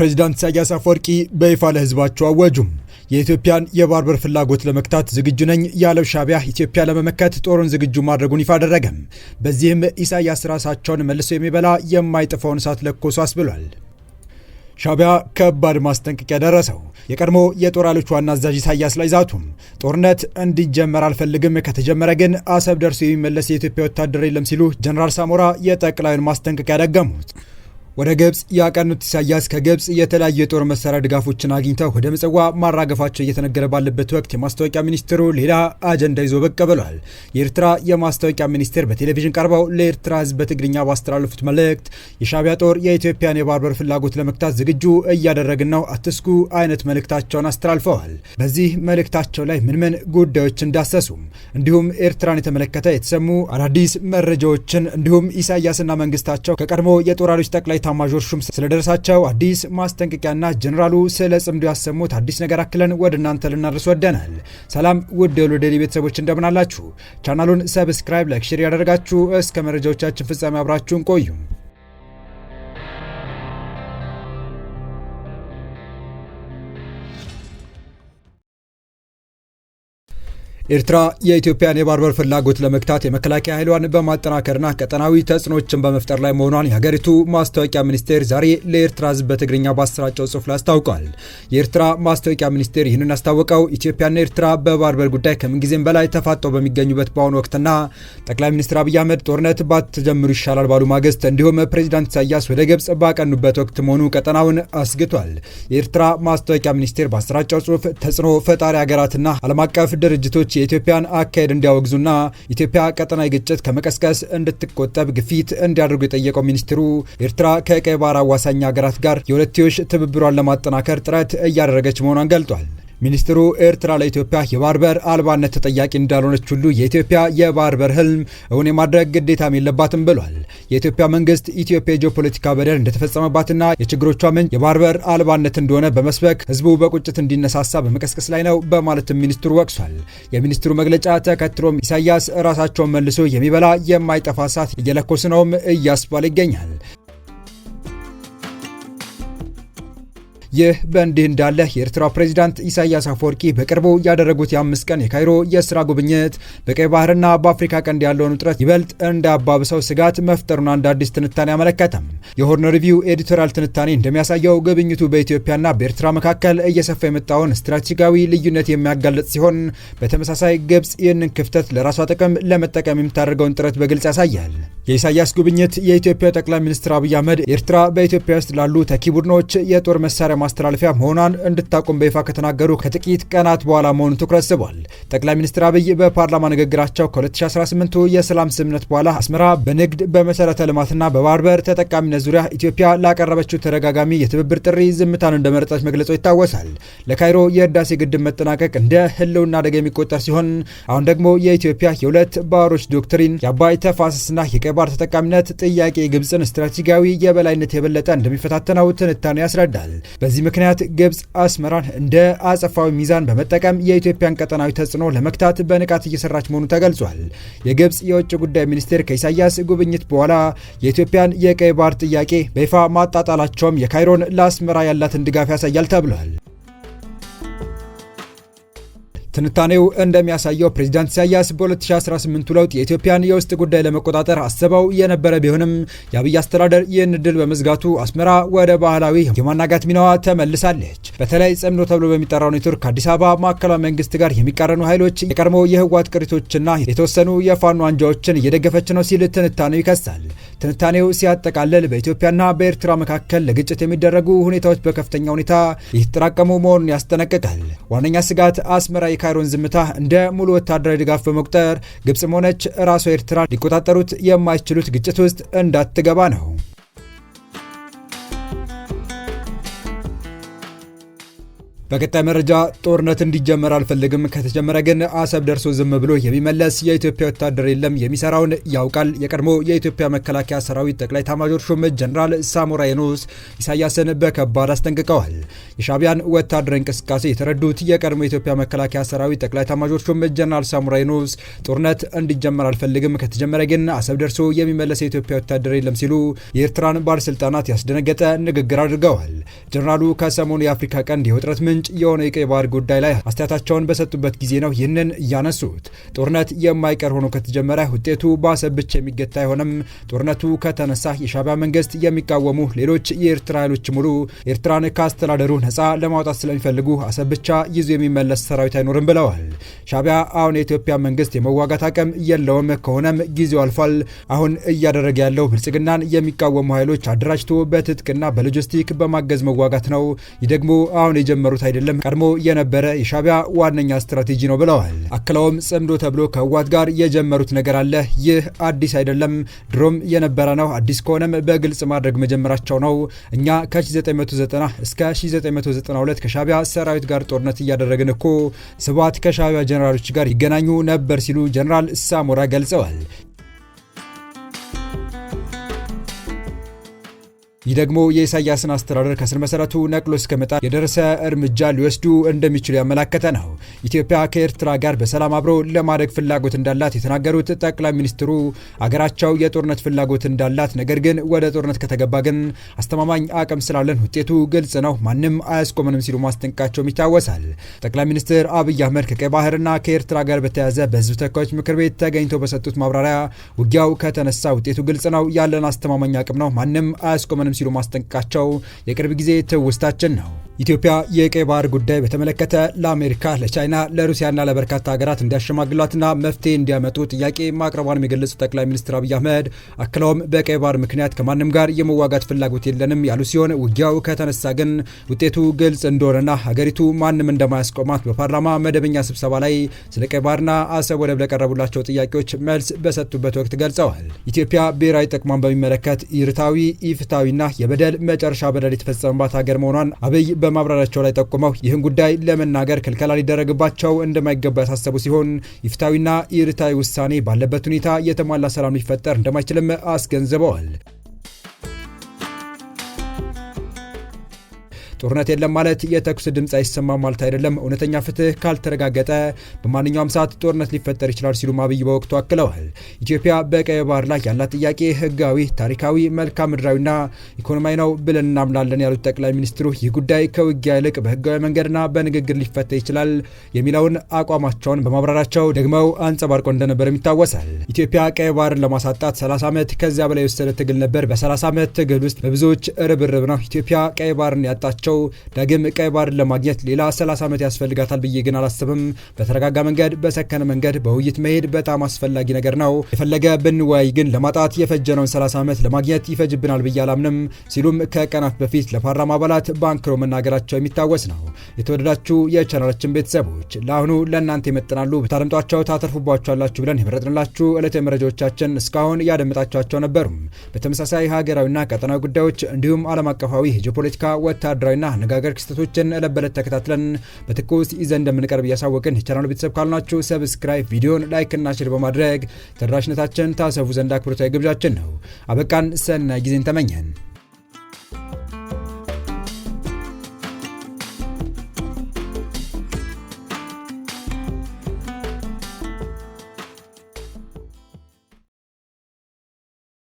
ፕሬዚዳንት ኢሳያስ አፈወርቂ በይፋ ለህዝባቸው አወጁ። የኢትዮጵያን የባህር በር ፍላጎት ለመክታት ዝግጁ ነኝ ያለው ሻቢያ ኢትዮጵያ ለመመከት ጦሩን ዝግጁ ማድረጉን ይፋ አደረገ። በዚህም ኢሳያስ ራሳቸውን መልሶ የሚበላ የማይጠፋውን እሳት ለኮሱ አስብሏል። ሻቢያ ከባድ ማስጠንቀቂያ ደረሰው። የቀድሞ የጦር ኃይሎች ዋና አዛዥ ኢሳያስ ላይ ዛቱም። ጦርነት እንዲጀመር አልፈልግም፣ ከተጀመረ ግን አሰብ ደርሶ የሚመለስ የኢትዮጵያ ወታደር የለም ሲሉ ጀኔራል ሳሞራ የጠቅላዩን ማስጠንቀቂያ ደገሙት። ወደ ግብጽ ያቀኑት ኢሳያስ ከግብጽ የተለያዩ የጦር መሳሪያ ድጋፎችን አግኝተው ወደ ምጽዋ ማራገፋቸው እየተነገረ ባለበት ወቅት የማስታወቂያ ሚኒስትሩ ሌላ አጀንዳ ይዞ ብቅ ብሏል። የኤርትራ የማስታወቂያ ሚኒስቴር በቴሌቪዥን ቀርበው ለኤርትራ ሕዝብ በትግርኛ ባስተላለፉት መልእክት የሻቢያ ጦር የኢትዮጵያን የባህር በር ፍላጎት ለመክታት ዝግጁ እያደረግን ነው፣ አትስኩ አይነት መልእክታቸውን አስተላልፈዋል። በዚህ መልእክታቸው ላይ ምን ምን ጉዳዮች እንዳሰሱም እንዲሁም ኤርትራን የተመለከተ የተሰሙ አዳዲስ መረጃዎችን እንዲሁም ኢሳያስና መንግስታቸው ከቀድሞ የጦር ኃይሎች ጠቅላይ ኤታማዦር ሹም ስለደረሳቸው አዲስ ማስጠንቀቂያና ጀኔራሉ ስለ ጽምዶ ያሰሙት አዲስ ነገር አክለን ወደ እናንተ ልናደርስ ወደናል። ሰላም ውድ የሁሉ ዴይሊ ቤተሰቦች እንደምን አላችሁ? ቻናሉን ሰብስክራይብ፣ ላይክ፣ ሼር ያደረጋችሁ እስከ መረጃዎቻችን ፍጻሜ አብራችሁን ቆዩም። ኤርትራ የኢትዮጵያን የባህር በር ፍላጎት ለመግታት የመከላከያ ኃይሏን በማጠናከርና ቀጠናዊ ተጽዕኖችን በመፍጠር ላይ መሆኗን የሀገሪቱ ማስታወቂያ ሚኒስቴር ዛሬ ለኤርትራ ሕዝብ በትግርኛ ባሰራጨው ጽሑፍ ላይ አስታውቋል። የኤርትራ ማስታወቂያ ሚኒስቴር ይህንን ያስታወቀው ኢትዮጵያና ኤርትራ በባህር በር ጉዳይ ከምንጊዜም በላይ ተፋጠው በሚገኙበት በአሁኑ ወቅትና ጠቅላይ ሚኒስትር አብይ አህመድ ጦርነት ባትጀምሩ ይሻላል ባሉ ማግስት እንዲሁም ፕሬዚዳንት ኢሳያስ ወደ ግብጽ ባቀኑበት ወቅት መሆኑ ቀጠናውን አስግቷል። የኤርትራ ማስታወቂያ ሚኒስቴር ባሰራጨው ጽሑፍ ተጽዕኖ ፈጣሪ ሀገራትና ዓለም አቀፍ ድርጅቶች የኢትዮጵያን አካሄድ እንዲያወግዙና ኢትዮጵያ ቀጠናዊ ግጭት ከመቀስቀስ እንድትቆጠብ ግፊት እንዲያደርጉ የጠየቀው ሚኒስትሩ ኤርትራ ከቀይ ባህር አዋሳኝ ሀገራት ጋር የሁለትዮሽ ትብብሯን ለማጠናከር ጥረት እያደረገች መሆኗን ገልጧል። ሚኒስትሩ ኤርትራ ለኢትዮጵያ የባህር በር አልባነት ተጠያቂ እንዳልሆነች ሁሉ የኢትዮጵያ የባህር በር ህልም እውን የማድረግ ግዴታም የለባትም ብሏል። የኢትዮጵያ መንግስት ኢትዮጵያ የጂኦፖለቲካ በደል እንደተፈጸመባትና የችግሮቿ ምንጭ የባህር በር አልባነት እንደሆነ በመስበክ ህዝቡ በቁጭት እንዲነሳሳ በመቀስቀስ ላይ ነው በማለትም ሚኒስትሩ ወቅሷል። የሚኒስትሩ መግለጫ ተከትሎም ኢሳያስ ራሳቸውን መልሶ የሚበላ የማይጠፋ እሳት እየለኮስ ነውም እያስባለ ይገኛል። ይህ በእንዲህ እንዳለ የኤርትራ ፕሬዚዳንት ኢሳያስ አፈወርቂ በቅርቡ ያደረጉት የአምስት ቀን የካይሮ የስራ ጉብኝት በቀይ ባህርና በአፍሪካ ቀንድ ያለውን ውጥረት ይበልጥ እንዳባብሰው ስጋት መፍጠሩን አንድ አዲስ ትንታኔ አመለከተም። የሆርን ሪቪው ኤዲቶሪያል ትንታኔ እንደሚያሳየው ጉብኝቱ በኢትዮጵያና በኤርትራ መካከል እየሰፋ የመጣውን ስትራቴጂካዊ ልዩነት የሚያጋልጥ ሲሆን፣ በተመሳሳይ ግብጽ ይህንን ክፍተት ለራሷ ጥቅም ለመጠቀም የምታደርገውን ጥረት በግልጽ ያሳያል። የኢሳያስ ጉብኝት የኢትዮጵያ ጠቅላይ ሚኒስትር አብይ አህመድ ኤርትራ በኢትዮጵያ ውስጥ ላሉ ተኪ ቡድኖች የጦር መሳሪያ ማስተላለፊያ መሆኗን እንድታቆም በይፋ ከተናገሩ ከጥቂት ቀናት በኋላ መሆኑን ትኩረት ስቧል። ጠቅላይ ሚኒስትር አብይ በፓርላማ ንግግራቸው ከ2018 የሰላም ስምምነት በኋላ አስመራ በንግድ በመሰረተ ልማትና በባህር በር ተጠቃሚነት ዙሪያ ኢትዮጵያ ላቀረበችው ተደጋጋሚ የትብብር ጥሪ ዝምታን እንደመረጠች መግለጹ ይታወሳል። ለካይሮ የህዳሴ ግድብ መጠናቀቅ እንደ ህልውና አደጋ የሚቆጠር ሲሆን አሁን ደግሞ የኢትዮጵያ የሁለት ባህሮች ዶክትሪን የአባይ ተፋሰስና የቀይ ባህር ተጠቃሚነት ጥያቄ ግብፅን ስትራቴጂካዊ የበላይነት የበለጠ እንደሚፈታተነው ትንታኔ ያስረዳል። በዚህ ምክንያት ግብጽ አስመራን እንደ አጸፋዊ ሚዛን በመጠቀም የኢትዮጵያን ቀጠናዊ ተጽዕኖ ለመክታት በንቃት እየሰራች መሆኑ ተገልጿል። የግብጽ የውጭ ጉዳይ ሚኒስቴር ከኢሳያስ ጉብኝት በኋላ የኢትዮጵያን የቀይ ባህር ጥያቄ በይፋ ማጣጣላቸውም የካይሮን ለአስመራ ያላትን ድጋፍ ያሳያል ተብሏል። ትንታኔው እንደሚያሳየው ፕሬዚዳንት ኢሳያስ በ2018 ለውጥ የኢትዮጵያን የውስጥ ጉዳይ ለመቆጣጠር አስበው የነበረ ቢሆንም የአብይ አስተዳደር ይህን እድል በመዝጋቱ አስመራ ወደ ባህላዊ የማናጋት ሚናዋ ተመልሳለች። በተለይ ጸምዶ ተብሎ በሚጠራው ኔትወርክ ከአዲስ አበባ ማዕከላዊ መንግስት ጋር የሚቃረኑ ኃይሎች የቀድሞ የህወሓት ቅሪቶችና የተወሰኑ የፋኖ አንጃዎችን እየደገፈች ነው ሲል ትንታኔው ይከሳል። ትንታኔው ሲያጠቃልል በኢትዮጵያና በኤርትራ መካከል ለግጭት የሚደረጉ ሁኔታዎች በከፍተኛ ሁኔታ እየተጠራቀሙ መሆኑን ያስጠነቅቃል። ዋነኛ ስጋት አስመራ የካይሮን ዝምታ እንደ ሙሉ ወታደራዊ ድጋፍ በመቁጠር ግብፅም ሆነች ራሷ ኤርትራ ሊቆጣጠሩት የማይችሉት ግጭት ውስጥ እንዳትገባ ነው። በቀጣይ መረጃ ጦርነት እንዲጀመር አልፈልግም፣ ከተጀመረ ግን አሰብ ደርሶ ዝም ብሎ የሚመለስ የኢትዮጵያ ወታደር የለም፣ የሚሰራውን ያውቃል። የቀድሞ የኢትዮጵያ መከላከያ ሰራዊት ጠቅላይ ታማጆር ሹም ጀኔራል ሳሞራ የኑስ ኢሳያስን በከባድ አስጠንቅቀዋል። የሻቢያን ወታደር እንቅስቃሴ የተረዱት የቀድሞ የኢትዮጵያ መከላከያ ሰራዊት ጠቅላይ ታማጆር ሹም ጀኔራል ሳሞራ የኑስ ጦርነት እንዲጀመር አልፈልግም፣ ከተጀመረ ግን አሰብ ደርሶ የሚመለስ የኢትዮጵያ ወታደር የለም ሲሉ የኤርትራን ባለስልጣናት ያስደነገጠ ንግግር አድርገዋል። ጀኔራሉ ከሰሞኑ የአፍሪካ ቀንድ የውጥረት ምን ምንጭ የሆነው የቀይ ባህር ጉዳይ ላይ አስተያየታቸውን በሰጡበት ጊዜ ነው ይህንን እያነሱት። ጦርነት የማይቀር ሆኖ ከተጀመረ ውጤቱ በአሰብ ብቻ የሚገታ አይሆንም። ጦርነቱ ከተነሳ የሻቢያ መንግስት የሚቃወሙ ሌሎች የኤርትራ ኃይሎች ሙሉ ኤርትራን ከአስተዳደሩ ነጻ ለማውጣት ስለሚፈልጉ አሰብ ብቻ ይዞ የሚመለስ ሰራዊት አይኖርም ብለዋል። ሻቢያ አሁን የኢትዮጵያ መንግስት የመዋጋት አቅም የለውም፣ ከሆነም ጊዜው አልፏል። አሁን እያደረገ ያለው ብልጽግናን የሚቃወሙ ኃይሎች አደራጅቶ በትጥቅና በሎጂስቲክ በማገዝ መዋጋት ነው። ይህ ደግሞ አሁን የጀመሩት አይደለም ቀድሞ የነበረ የሻቢያ ዋነኛ ስትራቴጂ ነው ብለዋል። አክለውም ጽምዶ ተብሎ ከህወሓት ጋር የጀመሩት ነገር አለ። ይህ አዲስ አይደለም፣ ድሮም የነበረ ነው። አዲስ ከሆነም በግልጽ ማድረግ መጀመራቸው ነው። እኛ ከ1990 እስከ 1992 ከሻቢያ ሰራዊት ጋር ጦርነት እያደረግን እኮ ስብሃት ከሻቢያ ጀኔራሎች ጋር ይገናኙ ነበር ሲሉ ጀኔራል ሳሞራ ገልጸዋል። ይህ ደግሞ የኢሳያስን አስተዳደር ከስር መሰረቱ ነቅሎ እስከመጣል የደረሰ እርምጃ ሊወስዱ እንደሚችሉ ያመላከተ ነው። ኢትዮጵያ ከኤርትራ ጋር በሰላም አብሮ ለማድረግ ፍላጎት እንዳላት የተናገሩት ጠቅላይ ሚኒስትሩ አገራቸው የጦርነት ፍላጎት እንዳላት፣ ነገር ግን ወደ ጦርነት ከተገባ ግን አስተማማኝ አቅም ስላለን ውጤቱ ግልጽ ነው፣ ማንም አያስቆመንም ሲሉ ማስጠንቀቃቸውም ይታወሳል። ጠቅላይ ሚኒስትር አብይ አህመድ ከቀይ ባህርና ከኤርትራ ጋር በተያያዘ በህዝብ ተወካዮች ምክር ቤት ተገኝተው በሰጡት ማብራሪያ ውጊያው ከተነሳ ውጤቱ ግልጽ ነው፣ ያለን አስተማማኝ አቅም ነው፣ ማንም አያስቆመንም ሲሉ ማስጠንቀቃቸው የቅርብ ጊዜ ትውስታችን ነው። ኢትዮጵያ የቀይ ባህር ጉዳይ በተመለከተ ለአሜሪካ፣ ለቻይና፣ ለሩሲያና ለበርካታ ሀገራት እንዲያሸማግሏትና መፍትሄ እንዲያመጡ ጥያቄ ማቅረቧን የገለጹት ጠቅላይ ሚኒስትር አብይ አህመድ አክለውም በቀይ ባህር ምክንያት ከማንም ጋር የመዋጋት ፍላጎት የለንም ያሉ ሲሆን ውጊያው ከተነሳ ግን ውጤቱ ግልጽ እንደሆነና ሀገሪቱ ማንም እንደማያስቆማት በፓርላማ መደበኛ ስብሰባ ላይ ስለ ቀይ ባህርና አሰብ ወደብ ለቀረቡላቸው ጥያቄዎች መልስ በሰጡበት ወቅት ገልጸዋል። ኢትዮጵያ ብሔራዊ ጥቅሟን በሚመለከት ኢርታዊ፣ ኢፍታዊና የበደል መጨረሻ በደል የተፈጸመባት ሀገር መሆኗን አብይ በማብራሪያቸው ላይ ጠቁመው ይህን ጉዳይ ለመናገር ክልከላ ሊደረግባቸው እንደማይገባ ያሳሰቡ ሲሆን ይፍታዊና ኢርታዊ ውሳኔ ባለበት ሁኔታ የተሟላ ሰላም ሊፈጠር እንደማይችልም አስገንዝበዋል። ጦርነት የለም ማለት የተኩስ ድምፅ አይሰማም ማለት አይደለም። እውነተኛ ፍትህ ካልተረጋገጠ በማንኛውም ሰዓት ጦርነት ሊፈጠር ይችላል ሲሉም አብይ በወቅቱ አክለዋል። ኢትዮጵያ በቀይ ባህር ላይ ያላት ጥያቄ ህጋዊ፣ ታሪካዊ፣ መልካም ምድራዊና ኢኮኖሚያዊ ነው ብለን እናምናለን ያሉት ጠቅላይ ሚኒስትሩ ይህ ጉዳይ ከውጊያ ይልቅ በህጋዊ መንገድና በንግግር ሊፈታ ይችላል የሚለውን አቋማቸውን በማብራራቸው ደግመው አንጸባርቆ እንደነበርም ይታወሳል። ኢትዮጵያ ቀይ ባህርን ለማሳጣት 30 ዓመት ከዚያ በላይ የወሰደ ትግል ነበር። በ30 ዓመት ትግል ውስጥ በብዙዎች ርብርብ ነው ኢትዮጵያ ቀይ ባህርን ያጣቸው ያላቸው ዳግም ቀይ ባህር ለማግኘት ሌላ 30 ዓመት ያስፈልጋታል ብዬ ግን አላስብም። በተረጋጋ መንገድ፣ በሰከነ መንገድ በውይይት መሄድ በጣም አስፈላጊ ነገር ነው። የፈለገ ብንወያይ ግን ለማጣት የፈጀነውን 30 ዓመት ለማግኘት ይፈጅብናል ብዬ አላምንም ሲሉም ከቀናት በፊት ለፓርላማ አባላት ባንክሮ መናገራቸው የሚታወስ ነው። የተወደዳችሁ የቻናላችን ቤተሰቦች ለአሁኑ ለእናንተ ይመጥናሉ ብታደምጧቸው ታተርፉባችኋላችሁ ብለን የመረጥንላችሁ ዕለታዊ መረጃዎቻችን እስካሁን ያደመጣችኋቸው ነበሩም። በተመሳሳይ ሀገራዊና ቀጠናዊ ጉዳዮች እንዲሁም ዓለም አቀፋዊ የጂኦፖለቲካ ወታደራዊ ወቅታዊና አነጋገር ክስተቶችን እለት በለት ተከታትለን በትኩስ ይዘን እንደምንቀርብ እያሳወቅን የቻናሉ ቤተሰብ ካልናችሁ ሰብስክራይብ፣ ቪዲዮን ላይክና ሼር በማድረግ ተደራሽነታችን ታሰፉ ዘንድ አክብሮታዊ ግብዣችን ነው። አበቃን። ሰናይ ጊዜን ተመኘን።